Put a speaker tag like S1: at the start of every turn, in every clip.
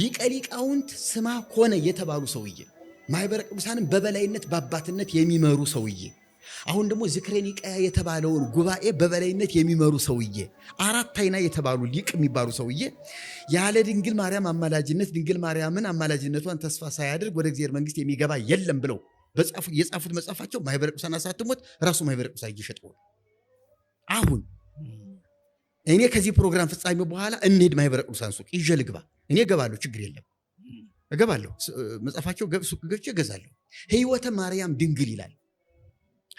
S1: ሊቀ ሊቃውንት ስማ ኮነ የተባሉ ሰውዬ ማኅበረ ቅዱሳንን በበላይነት በአባትነት የሚመሩ ሰውዬ አሁን ደግሞ ዝክረ ኒቃያ የተባለውን ጉባኤ በበላይነት የሚመሩ ሰውዬ አራት አይና የተባሉ ሊቅ የሚባሉ ሰውዬ ያለ ድንግል ማርያም አማላጅነት ድንግል ማርያምን አማላጅነቷን ተስፋ ሳያደርግ ወደ እግዚአብሔር መንግስት የሚገባ የለም ብለው የጻፉት መጽሐፋቸው ማኅበረ ቅዱሳን አሳትሞት ራሱ ማኅበረ ቅዱሳን እየሸጠው አሁን እኔ ከዚህ ፕሮግራም ፍጻሜ በኋላ እንሄድ ማህበረ ቅዱሳን ሱቅ ይዤ ልግባ። እኔ እገባለሁ፣ ችግር የለም እገባለሁ። መጽሐፋቸው ሱቅ ገብቼ እገዛለሁ። ህይወተ ማርያም ድንግል ይላል።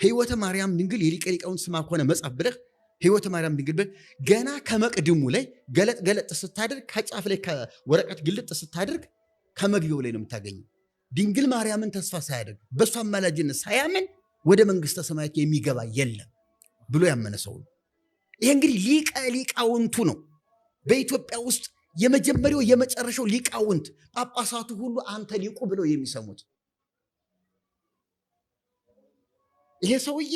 S1: ህይወተ ማርያም ድንግል የሊቀ ሊቃውንት ስማ ከሆነ መጽሐፍ ብለህ ህይወተ ማርያም ድንግል ብለህ ገና ከመቅድሙ ላይ ገለጥ ገለጥ ስታደርግ ከጫፍ ላይ ከወረቀት ግልጥ ስታደርግ ከመግቢያው ላይ ነው የምታገኘው። ድንግል ማርያምን ተስፋ ሳያደርግ በእሷ አማላጅነት ሳያምን ወደ መንግስተ ሰማያት የሚገባ የለም ብሎ ያመነ ሰው ነው። ይሄ እንግዲህ ሊቀ ሊቃውንቱ ነው። በኢትዮጵያ ውስጥ የመጀመሪያው የመጨረሻው ሊቃውንት ጳጳሳቱ ሁሉ አንተ ሊቁ ብለው የሚሰሙት ይሄ ሰውዬ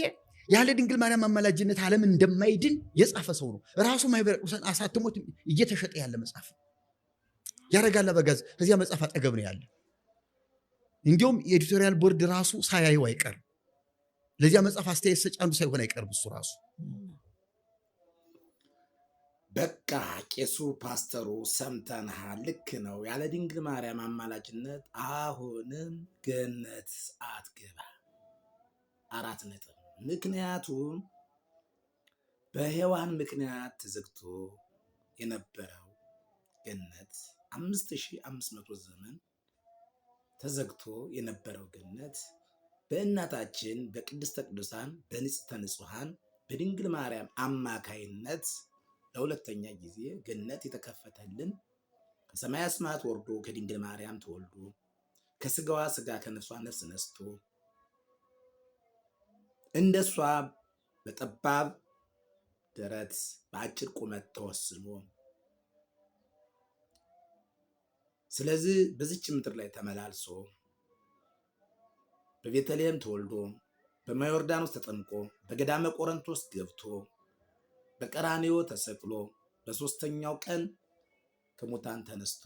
S1: ያለ ድንግል ማርያም አማላጅነት ዓለም እንደማይድን የጻፈ ሰው ነው። ራሱ ማኅበረ ቅዱሳን አሳትሞት እየተሸጠ ያለ መጽሐፍ ያረጋል አበጋዝ ከዚያ መጽሐፍ አጠገብ ነው ያለ። እንዲሁም የኤዲቶሪያል ቦርድ ራሱ ሳያየው አይቀርም። ለዚያ መጽሐፍ አስተያየት ሰጭ አንዱ ሳይሆን አይቀርም እሱ ራሱ
S2: በቃ ቄሱ ፓስተሩ ሰምተንሃል፣ ልክ ነው። ያለ ድንግል ማርያም አማላጅነት አሁንም ገነት አትገባ። አራት ነጥብ። ምክንያቱም በሔዋን ምክንያት ተዘግቶ የነበረው ገነት መቶ ዘመን ተዘግቶ የነበረው ገነት በእናታችን በቅድስተ ቅዱሳን በንጽሕተ ንጹሐን በድንግል ማርያም አማካይነት ለሁለተኛ ጊዜ ገነት የተከፈተልን ከሰማይ አስማት ወርዶ ከድንግል ማርያም ተወልዶ ከስጋዋ ስጋ ከነፍሷ ነፍስ ነስቶ እንደሷ በጠባብ ደረት በአጭር ቁመት ተወስኖ ስለዚህ በዚች ምድር ላይ ተመላልሶ በቤተልሔም ተወልዶ በማዮርዳኖስ ተጠምቆ በገዳመ ቆረንቶስ ገብቶ በቀራንዮ ተሰቅሎ በሶስተኛው ቀን ከሙታን ተነስቶ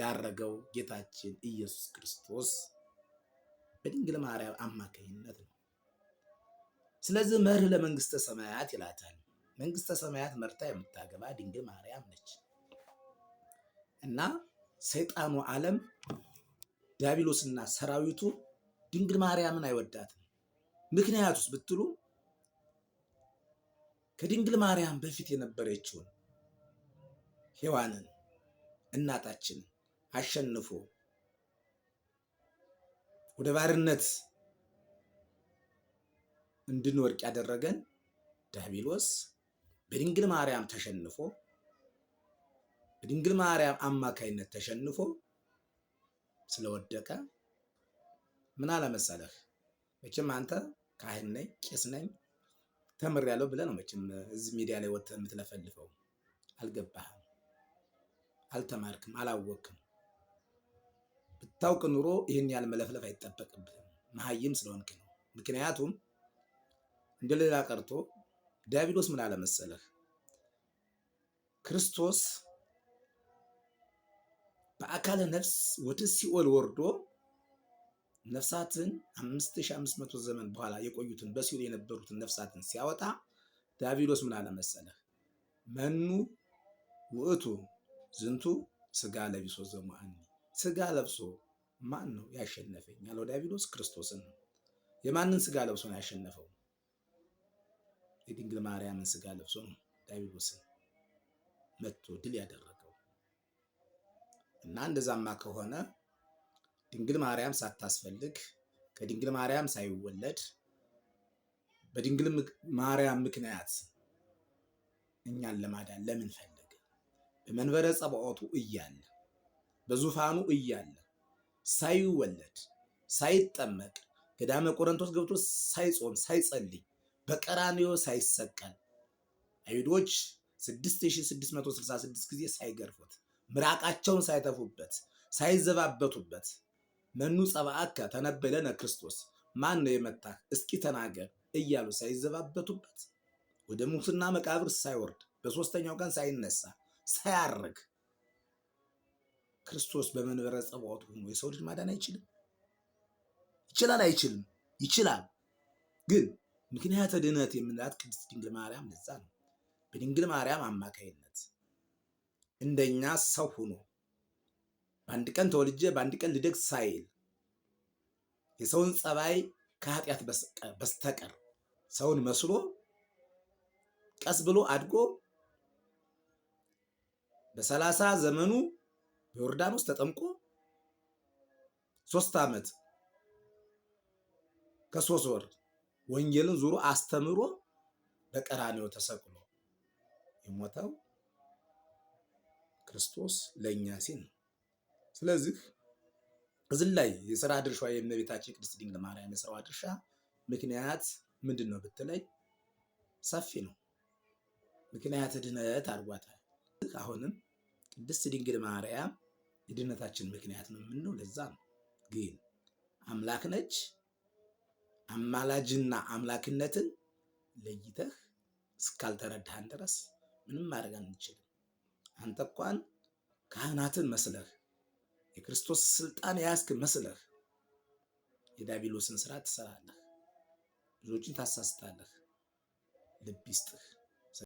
S2: ያረገው ጌታችን ኢየሱስ ክርስቶስ በድንግል ማርያም አማካኝነት ነው። ስለዚህ መርህ ለመንግስተ ሰማያት ይላታል። መንግስተ ሰማያት መርታ የምታገባ ድንግል ማርያም ነች እና ሰይጣኑ ዓለም ዲያብሎስና ሰራዊቱ ድንግል ማርያምን አይወዳትም። ምክንያቱስ ብትሉ ከድንግል ማርያም በፊት የነበረችውን ሔዋንን እናታችን አሸንፎ ወደ ባርነት እንድንወርቅ ያደረገን ዲያብሎስ በድንግል ማርያም ተሸንፎ በድንግል ማርያም አማካይነት ተሸንፎ ስለወደቀ ምን አለመሰለህ፣ መቼም አንተ ካህን ነኝ ቄስ ነኝ ተምሬያለሁ ብለህ ነው መቼም እዚህ ሚዲያ ላይ ወጥተህ የምትለፈልፈው። አልገባህም፣ አልተማርክም፣ አላወቅም። ብታውቅ ኑሮ ይህን ያህል መለፍለፍ አይጠበቅብህም፣ መሀይም ስለሆንክ ነው። ምክንያቱም እንደሌላ ቀርቶ ዲያብሎስ ምን አለመሰለህ ክርስቶስ በአካለ ነፍስ ወደ ሲኦል ወርዶ ነፍሳትን 5500 ዘመን በኋላ የቆዩትን በሲኦል የነበሩትን ነፍሳትን ሲያወጣ ዳቢሎስ ምን አለ መሰለህ? መኑ ውእቱ ዝንቱ ስጋ ለቢሶ ዘሙአኒ፣ ስጋ ለብሶ ማን ነው ያሸነፈኝ? ያለው ዳቢሎስ ክርስቶስን ነው። የማንን ስጋ ለብሶ ነው ያሸነፈው? የድንግል ማርያምን ስጋ ለብሶ ነው ዳቢሎስን መጥቶ ድል ያደረገው እና እንደዛማ ከሆነ ድንግል ማርያም ሳታስፈልግ ከድንግል ማርያም ሳይወለድ በድንግል ማርያም ምክንያት እኛን ለማዳን ለምን ፈለገ? በመንበረ ጸባዖቱ እያለ በዙፋኑ እያለ ሳይወለድ ሳይጠመቅ ገዳመ ቆረንቶስ ገብቶ ሳይጾም ሳይጸልይ በቀራንዮ ሳይሰቀል አይሁዶች 6666 ጊዜ ሳይገርፉት ምራቃቸውን ሳይተፉበት ሳይዘባበቱበት መኑ ጸባአከ ተነበለነ ክርስቶስ ማን ነው የመታህ እስኪ ተናገር እያሉ ሳይዘባበቱበት ወደ ሙስና መቃብር ሳይወርድ በሶስተኛው ቀን ሳይነሳ ሳያርግ ክርስቶስ በመንበረ ጸባዖት ሆኖ የሰው ልጅ ማዳን አይችልም? ይችላል? አይችልም? ይችላል። ግን ምክንያተ ድህነት የምንላት ቅድስት ድንግል ማርያም ለዛ ነው። በድንግል ማርያም አማካይነት እንደኛ ሰው ሆኖ በአንድ ቀን ተወልጄ በአንድ ቀን ልደግ ሳይል የሰውን ጸባይ ከኃጢአት በስተቀር ሰውን መስሎ ቀስ ብሎ አድጎ በሰላሳ ዘመኑ በዮርዳኖስ ተጠምቆ ሶስት ዓመት ከሶስት ወር ወንጌልን ዙሮ አስተምሮ በቀራኔው ተሰቅሎ የሞተው ክርስቶስ ለእኛ ሲል ነው። ስለዚህ እዚህ ላይ የስራ ድርሻ የእመቤታችን ቅድስት ድንግል ማርያም የስራዋ ድርሻ ምክንያት ምንድን ነው ብትለይ ሰፊ ነው። ምክንያት ድነት አድርጓታል። አሁንም ቅድስት ድንግል ማርያም የድነታችን ምክንያት ነው የምንለው ለዛ ነው። ግን አምላክ ነች። አማላጅና አምላክነትን ለይተህ እስካልተረዳህን ድረስ ምንም ማድረግ አንችልም። አንተ እንኳን ካህናትን መስለህ የክርስቶስ ስልጣን ያስክ መስለህ የዳቢሎስን ስራ ትሰራለህ፣ ብዙዎችን ታሳስታለህ። ልብ ይስጥህ።